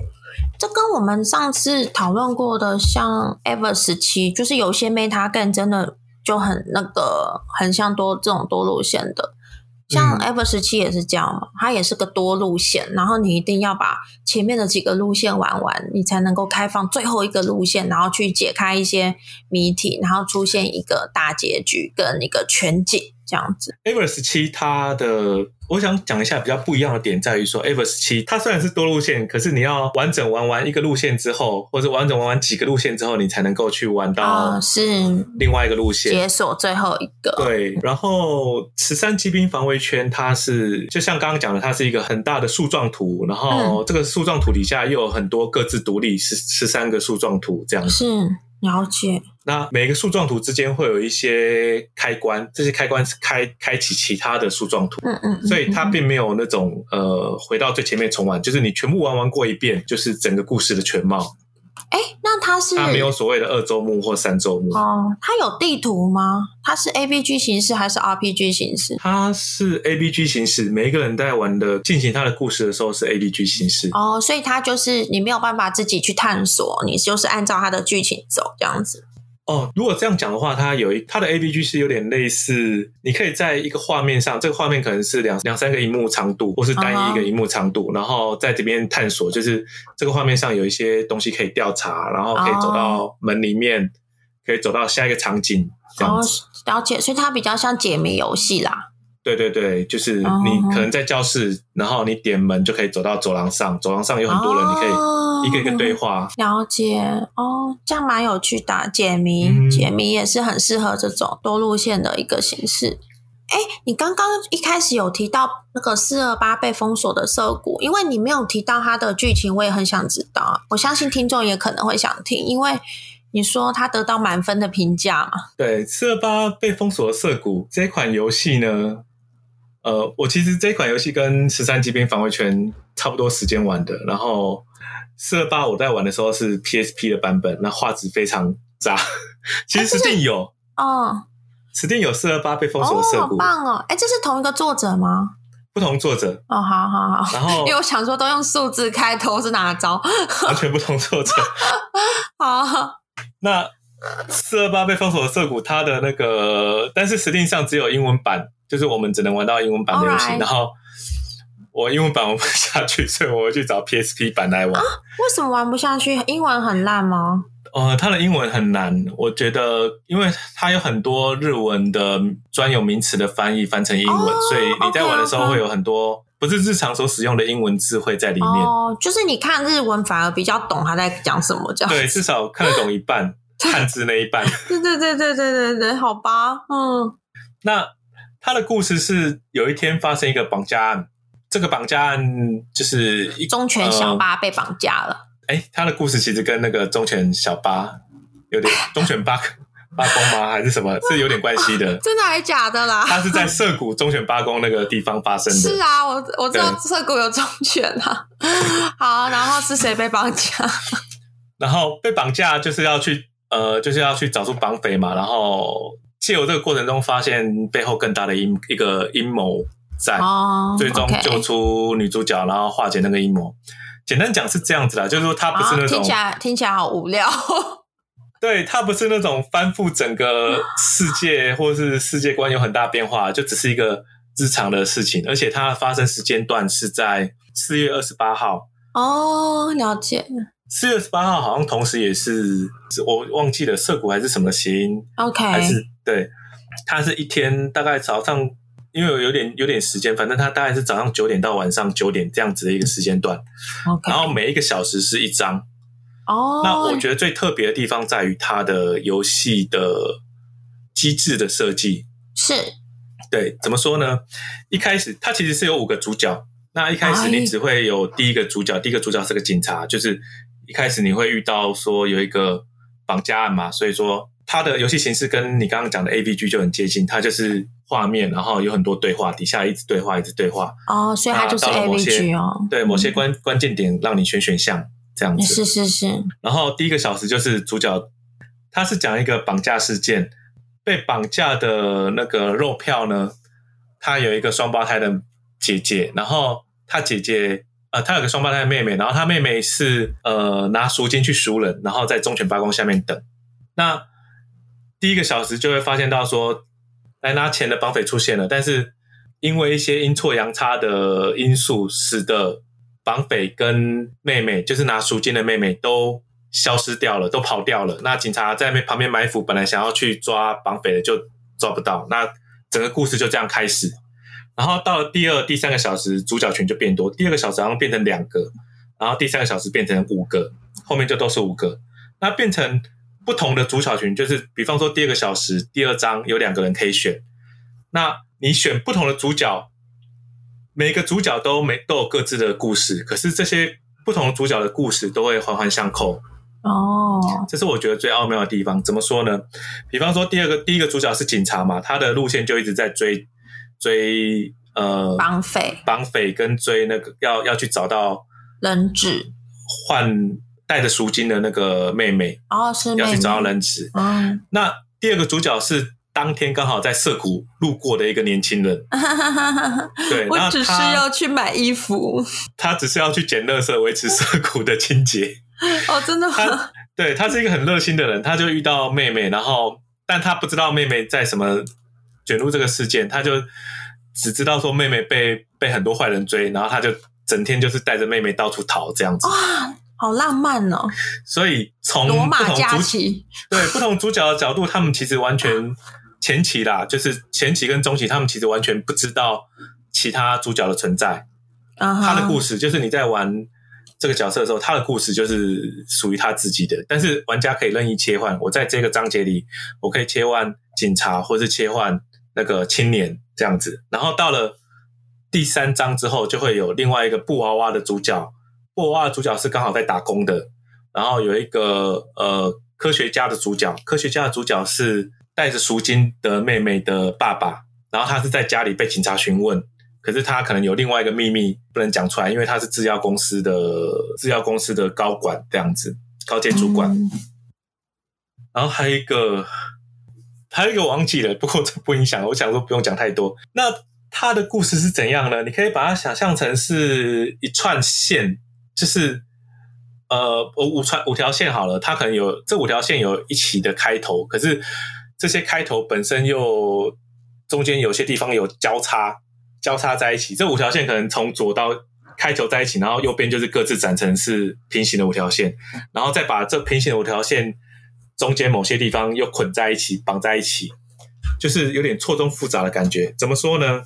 這跟我們上次討論過的像 Ever 17就是有些 Meta 更真的就很那個，很像多這種多路線的。像《Ever 17》也是這樣嘛、嗯，它也是個多路線，然後你一定要把前面的幾個路線玩完，你才能夠開放最後一個路線，然後去解開一些謎題，然後出現一個大結局跟一個全景。這樣子 Ever 17，它的我想講一下比較不一樣的點在於說 Ever 17它雖然是多路線，可是你要完整玩完一個路線之後，或者完整玩完幾個路線之後，你才能夠去玩到、哦、是、嗯、另外一個路線，解鎖最後一個。對，嗯、然後十三機兵防衛圈，它是就像剛剛講的，它是一個很大的樹狀圖，然後這個樹狀圖底下又有很多各自獨立十十三個樹狀圖這樣子。嗯是了解，那每個樹狀圖之間會有一些開關，這些開關是開開啟其他的樹狀圖，嗯嗯，嗯嗯，所以它並沒有那種呃，回到最前面重玩，就是你全部玩完過一遍，就是整個故事的全貌。哎，那它是，他沒有所謂的二周目或三周目哦。它有地圖嗎？它是 A V G 形式還是 R P G 形式？它是 A V G 形式，每一個人在玩的進行他的故事的時候是 A V G 形式哦。所以它就是你沒有辦法自己去探索，你就是按照他的劇情走這樣子。哦，如果這樣講的話，它有一它的 AVG 是有點類似，你可以在一個畫面上，這個畫面可能是兩兩三個熒幕長度，或是單一一個熒幕長度，uh -huh. 然後在這邊探索，就是這個畫面上有一些東西可以調查，然後可以走到門裡面，uh -huh. 可以走到下一個場景，這樣、哦、了解，所以它比較像解謎遊戲啦。對對對，就是你可能在教室，oh. 然後你點門就可以走到走廊上，走廊上有很多人，你可以一個一個對話。哦、了解哦，oh, 這樣蠻有趣的，啊，打解謎，嗯，解謎也是很適合這種多路線的一個形式。哎，你剛剛一開始有提到那個四二八被封鎖的澀谷，因為你沒有提到它的劇情，我也很想知道。我相信聽眾也可能會想聽，因為你說它得到滿分的評價嘛。對，四二八被封鎖的澀谷這款遊戲呢？呃，我其實這款遊戲跟《十三機兵防衛圈》差不多時間玩的，然後四二八我在玩的時候是 PSP 的版本，那畫質非常渣。其實 Steam 有哦，Steam 有四二八被封鎖的澀谷。哦。好棒哦！哎，這是同一個作者嗎？不同作者哦，好好好。然後因為我想說都用數字開頭是哪招？ 完全不同作者。 好，那四二八被封鎖的澀谷，它的那個但是 Steam 上只有英文版。就是我們只能玩到英文版的遊戲，Alright. 然後我英文版玩不下去，所以我要去找 PSP 版來玩。啊，為什麼玩不下去？英文很爛嗎？呃，它的英文很難，我覺得，因為它有很多日文的專有名詞的翻譯翻成英文，oh, 所以你在玩的時候會有很多不是日常所使用的英文字彙在裡面。哦，oh，就是你看日文反而比較懂他在講什麼，這樣子。對，至少看得懂一半漢 字那一半。對對對對對對對，好吧，嗯，那。他的故事是有一天發生一個綁架案，這個綁架案就是忠犬小八被綁架了。哎、呃，他的故事其實跟那個忠犬小八有點忠犬 八八公嗎？還是什麼？是有點關係的？ 真的還是假的啦？他是在澀谷忠犬八公那個地方發生的。 是啊，我我知道澀谷有忠犬啊。 好啊，然後是誰被綁架？ 然後被綁架就是要去呃，就是要去找出綁匪嘛。然後。借由這個過程中，發現背後更大的陰一個陰謀在，oh, okay. 最終救出女主角，然後化解那個陰謀。簡單講是這樣子啦，就是說它不是那種、oh, 聽起來聽起來好無聊， 對，它不是那種翻覆整個世界或是世界觀有很大變化，就只是一個日常的事情。而且它發生時間段是在四月二十八號。哦，oh, 了解。四月十八號好像同時也是我忘記了，澀谷還是什麼諧音？OK，還是對，它是一天大概，早上，因為我有點有點時間，反正它大概是早上九點到晚上九點這樣子的一個時間段。OK，然後每一個小時是一張。哦、oh.，那我覺得最特別的地方在於它的遊戲的機制的設計。是，對，怎麼說呢？一開始它其實是有五個主角，那一開始你只會有第一個主角，oh. 第一個主角是個警察，就是。一開始你會遇到說有一個綁架案嘛，所以說它的遊戲形式跟你剛剛講的 AVG 就很接近，它就是畫面，然後有很多對話，底下一直對話，一直對話。哦，所以它就是 AVG 哦、啊。對，某些關、嗯、關鍵點讓你選選項這樣子。是是是。然後第一個小時就是主角，他是講一個綁架事件，被綁架的那個肉票呢，他有一個雙胞胎的姐姐，然後他姐姐。呃，他有個雙胞胎妹妹，然後他妹妹是呃拿贖金去贖人，然後在忠犬八公下面等。那第一個小時就會發現到說來拿錢的綁匪出現了，但是因為一些陰錯陽差的因素，使得綁匪跟妹妹，就是拿贖金的妹妹都消失掉了，都跑掉了。那警察在旁邊埋伏，本來想要去抓綁匪的就抓不到，那整個故事就這樣開始。然後到了第二、第三個小時，主角群就變多。第二個小時，然後變成兩個，然後第三個小時變成五個，後面就都是五個。那變成不同的主角群，就是比方說第二個小時第二章有兩個人可以選。那你選不同的主角，每個主角都沒都有各自的故事，可是這些不同的主角的故事都會環環相扣。哦、oh，這是我覺得最奧妙的地方。怎麼說呢？比方說第二個第一個主角是警察嘛，他的路線就一直在追。追呃綁匪，綁匪跟追那個要要去找到人質，換帶着贖金的那個妹妹哦、oh,，要去找到人質。嗯，那第二個主角是當天剛好在澀谷路過的一個年輕人。 對，我只是要去買衣服。他只是要去撿垃圾，維持澀谷的清潔。哦、 oh,，真的嗎？對，他是一個很熱心的人。他就遇到妹妹，然後但他不知道妹妹在什麼。捲入這個事件，他就只知道說妹妹被被很多壞人追，然後他就整天就是帶着妹妹到處逃這樣子。哇，好浪漫哦！所以從不同羅馬主對 不同主角的角度，他們其實完全前期啦，就是前期跟中期，他們其實完全不知道其他主角的存在。啊、哦，他的故事就是你在玩這個角色的時候，他的故事就是屬於他自己的。但是玩家可以任意切換，我在這個章節裡，我可以切換警察，或是切換。那、這個青年這樣子，然後到了第三章之後，就會有另外一個布娃娃的主角。布娃娃的主角是剛好在打工的，然後有一個呃科學家的主角，科學家的主角是帶着贖金的妹妹的爸爸，然後他是在家裡被警察詢問，可是他可能有另外一個秘密不能講出來，因為他是製藥公司的製藥公司的高管這樣子，高階主管、嗯。然後還有一個。還有一個我忘記了，不過這不影響。我想說不用講太多。那他的故事是怎樣呢？你可以把它想象成是一串線，就是呃，五串五條線好了。它可能有這五條線有一起的開頭，可是這些開頭本身又中間有些地方有交叉，交叉在一起。這五條線可能從左到開頭在一起，然後右邊就是各自展成是平行的五條線，然後再把這平行的五條線。中間某些地方又捆在一起，綁在一起，就是有點錯綜複雜的感覺。怎麼說呢？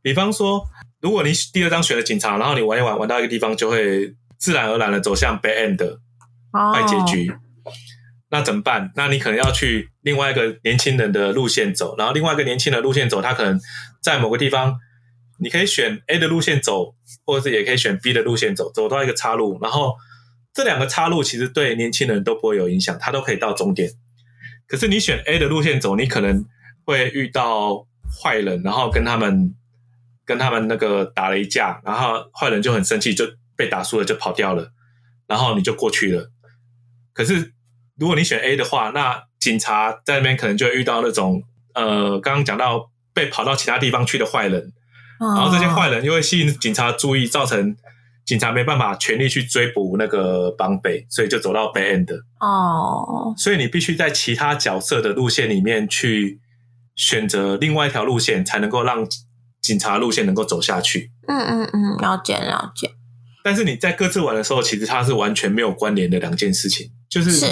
比方說，如果你第二章選了警察，然後你玩一玩，玩到一個地方就會自然而然的走向 bad end，oh. 壞結局。那怎麼辦？那你可能要去另外一個年輕人的路線走，然後另外一個年輕人的路線走，他可能在某個地方，你可以選 A 的路線走，或者是也可以選 B 的路線走，走到一個岔路，然後。這兩個岔路其實對年輕人都不會有影響，他都可以到終點。可是你選 A 的路線走，你可能會遇到壞人，然後跟他們跟他們那個打了一架，然後壞人就很生氣，就被打輸了就跑掉了，然後你就過去了。可是如果你選 A 的話，那警察在那邊可能就會遇到那種呃剛剛講到被跑到其他地方去的壞人，然後這些壞人又會吸引警察注意，造成，警察沒辦法全力去追捕那個綁匪，所以就走到 bad end。哦、oh.，所以你必須在其他角色的路線裡面去選擇另外一條路線，才能夠讓警察路線能夠走下去。嗯嗯嗯，了解了解。但是你在各自玩的時候，其實它是完全沒有關聯的兩件事情，就是，是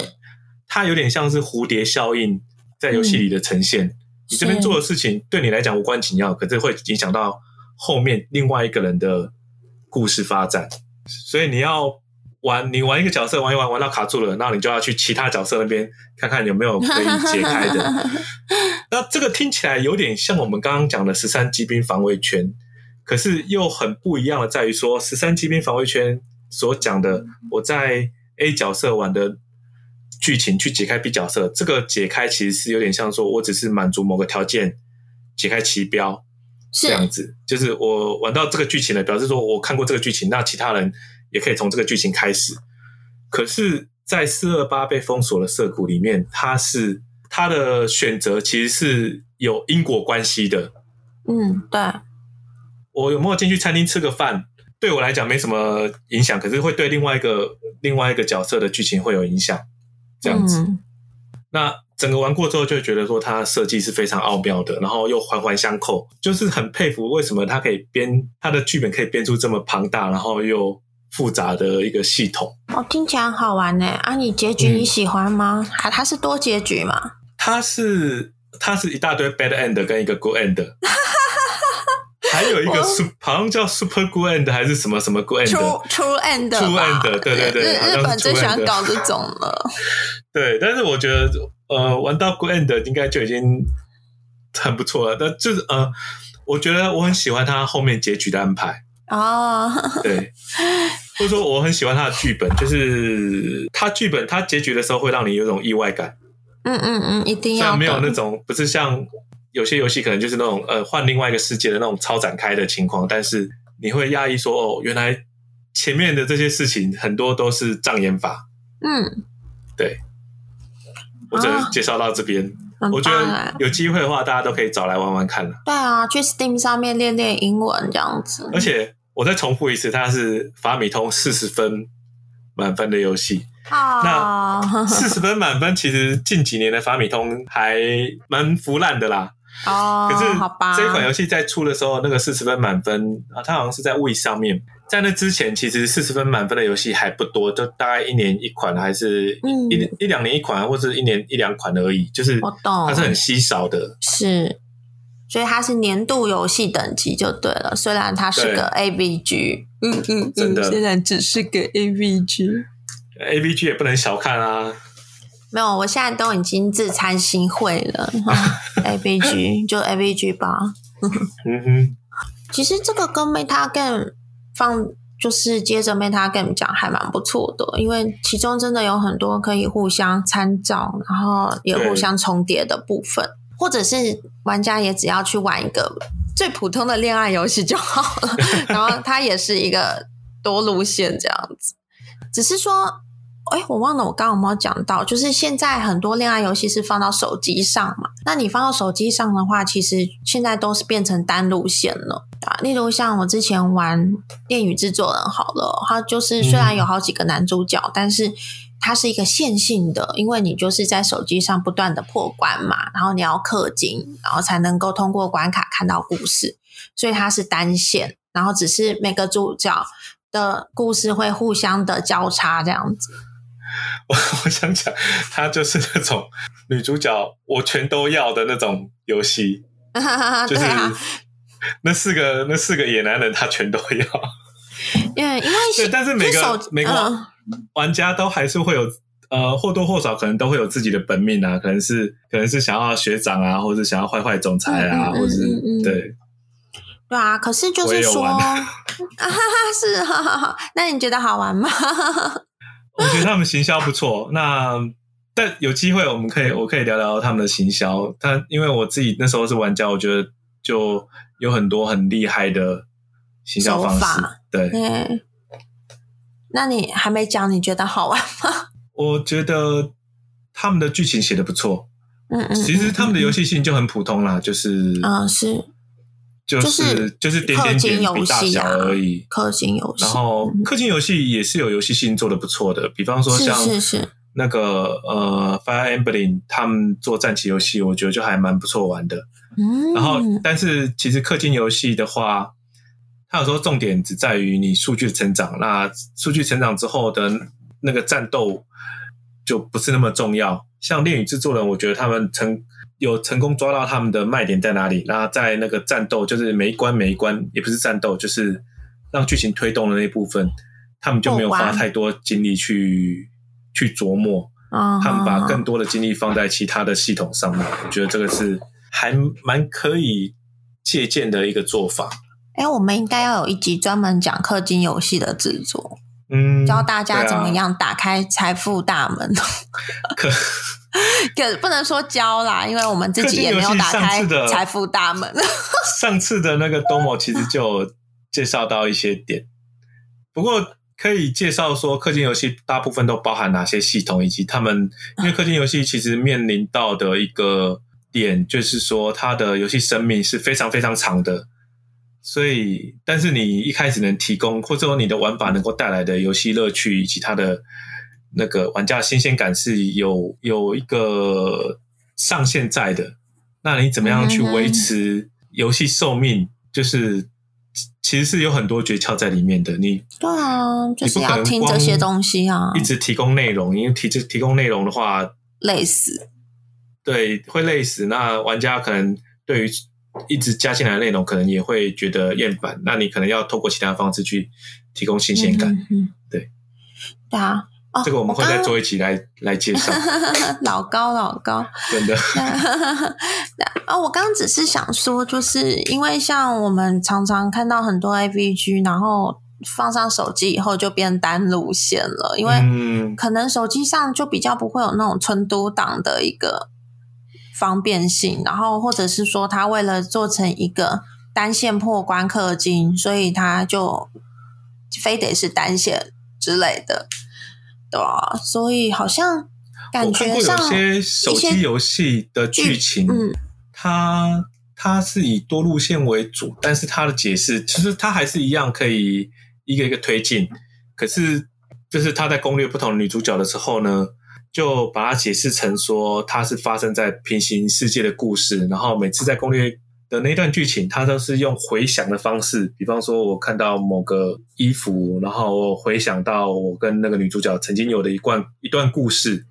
它有點像是蝴蝶效應在遊戲裡的呈現。嗯、你這邊做的事情對你來講無關緊要，可是會影響到後面另外一個人的故事發展，所以你要玩，你玩一個角色，玩一玩，玩到卡住了，那你就要去其他角色那邊看看有沒有可以解開的。 那這個聽起來有點像我們剛剛講的十三機兵防衛圈，可是又很不一樣的在於說，十三機兵防衛圈所講的，我在 A 角色玩的劇情去解開 B 角色，這個解開其實是有點像說我只是滿足某個條件解開旗標。是這樣子，就是我玩到這個劇情了，表示說我看過這個劇情，那其他人也可以從這個劇情開始。可是，在四二八被封鎖的澀谷裡面，他是他的選擇其實是有因果關係的。嗯，對。我有沒有進去餐廳吃個飯，對我來講沒什麼影響，可是會對另外一個另外一個角色的劇情會有影響。這樣子，嗯、那。整個玩過之後就會覺得說，它設計是非常奧妙的，然後又環環相扣，就是很佩服為什麼它可以編它的劇本可以編出這麼龐大，然後又複雜的一個系統。哦。聽起來好玩呢啊！你結局你喜歡嗎？嗯。啊，它是多結局嗎？它是它是一大堆 bad end，跟一個 good end， 還有一個 sup 好像叫 super good end 還是什麼什麼 good end，true true end，true end，對對對，日，日本最喜歡搞這種了。 對，但是我覺得。呃，玩到 Good End 應該就已經很不錯了。但就是呃，我覺得我很喜歡他後面結局的安排。哦，對，或者說我很喜歡他的劇本，就是他劇本他結局的時候會讓你有一種意外感。嗯嗯嗯，一定要雖然沒有那種不是像有些遊戲可能就是那種呃換另外一個世界的那種超展開的情況，但是你會訝異說哦，原來前面的這些事情很多都是障眼法。嗯，對。我只能介紹到這邊。哦，我覺得有機會的話，大家都可以找來玩玩看了。對啊，去 Steam 上面練練英文這樣子。而且我再重複一次，它是法米通四十分滿分的遊戲。好。哦。那四十分滿分其實近幾年的法米通還蠻浮濫的啦。哦，可是好吧，這款遊戲在出的時候，哦，那個四十分滿分啊，它好像是在 Wii 上面。在那之前，其實四十分滿分的遊戲還不多，就大概一年一款，還是一、嗯、一兩年一款，或者一年一兩款而已。就是，它是很稀少的。是，所以它是年度遊戲等級就對了。雖然它是個 AVG，嗯嗯嗯真的，雖然只是個 AVG，AVG 也不能小看啊。沒有，我現在都已經自慚形穢了。 AVG 就 AVG 吧。 嗯哼，其實這個跟 Metagame 放就是接着 Meta 跟你們講還蠻不錯的，因為其中真的有很多可以互相參照，然後也互相重疊的部分，或者是玩家也只要去玩一個最普通的戀愛遊戲就好了。 然後它也是一個多路線這樣子，只是說，哎，我忘了我剛剛有沒有講到，就是現在很多戀愛遊戲是放到手機上嘛？那你放到手機上的話，其實現在都是變成單路線了。例如像我之前玩《戀與製作人》好了，它就是雖然有好幾個男主角，嗯、但是它是一個線性的，因為你就是在手機上不斷的破關嘛，然後你要氪金，然後才能夠通過關卡看到故事，所以它是單線，然後只是每個主角的故事會互相的交叉這樣子。我我想講，它就是那種女主角我全都要的那種遊戲，就是 對啊。那四個那四個野男人，他全都要。因、yeah, 因為對，但是每個每個玩家都還是會有呃、呃或多或少可能都會有自己的本命啊，可能是可能是想要學長啊，或者想要壞壞總裁啊，嗯嗯嗯、或者對對啊。可是就是說啊哈哈， 是哈哈哈。那你覺得好玩嗎？ 我覺得他們行銷不錯。那但有機會我們可以我可以聊聊他們的行銷。但因為我自己那時候是玩家，我覺得就。有很多很厲害的行銷方式，方法。對、嗯。那你還沒講，你覺得好玩嗎？我覺得他們的劇情寫的不錯。嗯嗯。其實他們的遊戲性就很普通啦，嗯、就是嗯。就是，就是就是點點點，比大小而已。氪金遊戲，然後氪金遊戲也是有遊戲性做的不錯的，比方說像、那個、是是那個呃 Fire Emblem 他們做戰棋遊戲，我覺得就還蠻不錯玩的。然後，但是其實氪金遊戲的話，它有時候重點只在於你數據成長。那數據成長之後的那個戰鬥就不是那麼重要。像《戀與製作人》，我覺得他們成有成功抓到他們的賣點在哪裡。然後在那個戰鬥，就是每一關每一關也不是戰鬥，就是讓劇情推動的那一部分，他們就沒有花太多精力去、oh, wow. 去琢磨。啊，他們把更多的精力放在其他的系統上面。我覺得這個是。還蠻可以借鑑的一個做法。哎、欸，我們應該要有一集專門講氪金遊戲的制作，嗯，教大家怎麼樣打開財富大門。可 可不能說教啦，因為我們自己也沒有打開財富大門。上次， 上次的那個 DOMO 其實就介紹到一些點， 不過可以介紹說氪金遊戲大部分都包含哪些系統，以及他們因為氪金遊戲其實面臨到的一個、嗯。點就是說，他的遊戲生命是非常非常長的，所以，但是你一開始能提供，或者說你的玩法能夠帶來的遊戲樂趣以及他的那個玩家新鮮感是有有一個上限在的。那你怎麼樣去維持遊戲壽命？嗯嗯。就是其實是有很多訣竅在裡面的。你對啊，你、就、不、是、要聽這些東西啊，你不可能光一直提供內容，因為提這提供內容的話累死。對，會累死。那玩家可能對於一直加進來的內容，可能也會覺得厭煩。那你可能要透過其他方式去提供新鮮感。嗯嗯嗯對，對啊、哦。這個我們會我剛剛再做一集來來介紹。 老高，老高，真的。那、 啊、我剛，剛只是想說，就是因為像我們常常看到很多 AVG，然後放上手機以後就變單路線了，因為可能手機上就比較不會有那種純都檔的一個方便性，然後或者是說，他為了做成一個單線破關氪金，所以他就非得是單線之類的，對，所以好像感覺有些手機遊戲的劇情，嗯，它它是以多路線為主，但是它的解釋其實、就是、它還是一樣可以一個一個推進。可是就是他在攻略不同的女主角的時候呢，就把它解釋成說它是發生在平行世界的故事，然後每次在攻略的那一段劇情，它都是用回想的方式，比方說我看到某個衣服，然後我回想到我跟那個女主角曾經有的一段一段故事，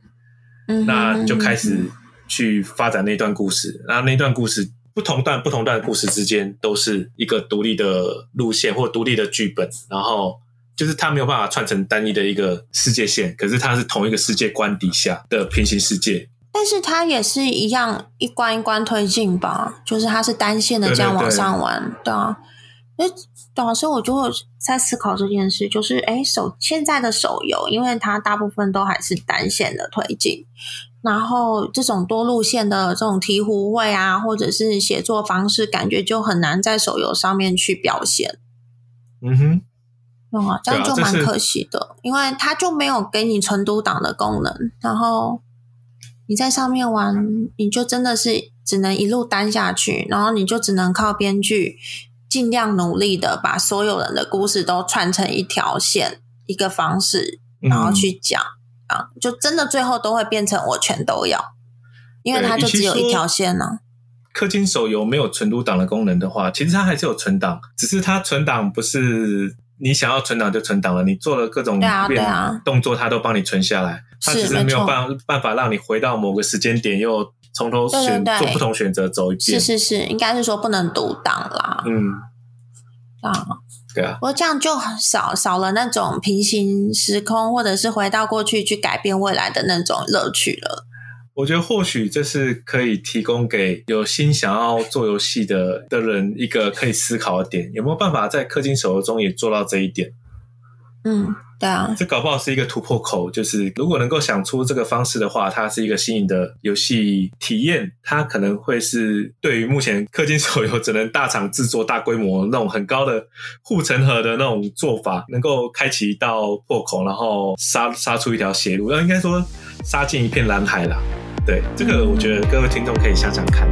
那就開始去發展那段故事，那那段故事不同段不同段的故事之間都是一個獨立的路線或獨立的劇本，然後。就是它沒有辦法串成單一的一個世界線，可是它是同一個世界觀底下的平行世界。但是它也是一樣一關一關推進吧，就是它是單線的這樣往上玩，對，對，對，對啊。哎，董老師我就在思考這件事，就是哎、欸，手，現在的手遊，因為它大部分都還是單線的推進，然後這種多路線的這種醍醐味啊，或者是寫作方式，感覺就很難在手遊上面去表現。嗯哼。這樣就蠻可惜的、啊，因為他就沒有給你存讀檔的功能，然後你在上面玩，你就真的是只能一路單下去，然後你就只能靠編劇盡量努力的把所有人的故事都串成一條線、嗯，一個方式，然後去講啊，就真的最後都會變成我全都要，因為他就只有一條線呢、啊。氪金手遊沒有存讀檔的功能的話，其實它還是有存檔，只是它存檔不是。你想要存檔就存檔了，你做了各種變、對啊對啊、動作，他都幫你存下來。他其實沒有辦法辦法讓你回到某個時間點，又從頭選對對對對做不同選擇走一遍。是是是，應該是說不能讀檔啦。嗯，啊，對啊，我這樣就少少了那種平行時空，或者是回到過去去改變未來的那種樂趣了。我覺得或許，這是可以提供給有心想要做遊戲的的人一個可以思考的點，有沒有辦法在氪金手遊中也做到這一點？嗯，對啊、嗯，這搞不好是一個突破口。就是如果能夠想出這個方式的話，它是一個新穎的遊戲體驗，它可能會是對於目前氪金手遊只能大廠制作、大規模那種很高的護城河的那種做法，能夠開啟一道破口，然後殺殺出一條邪路，要、啊、應該說殺進一片藍海啦。對這個，我覺得各位聽眾可以想想看。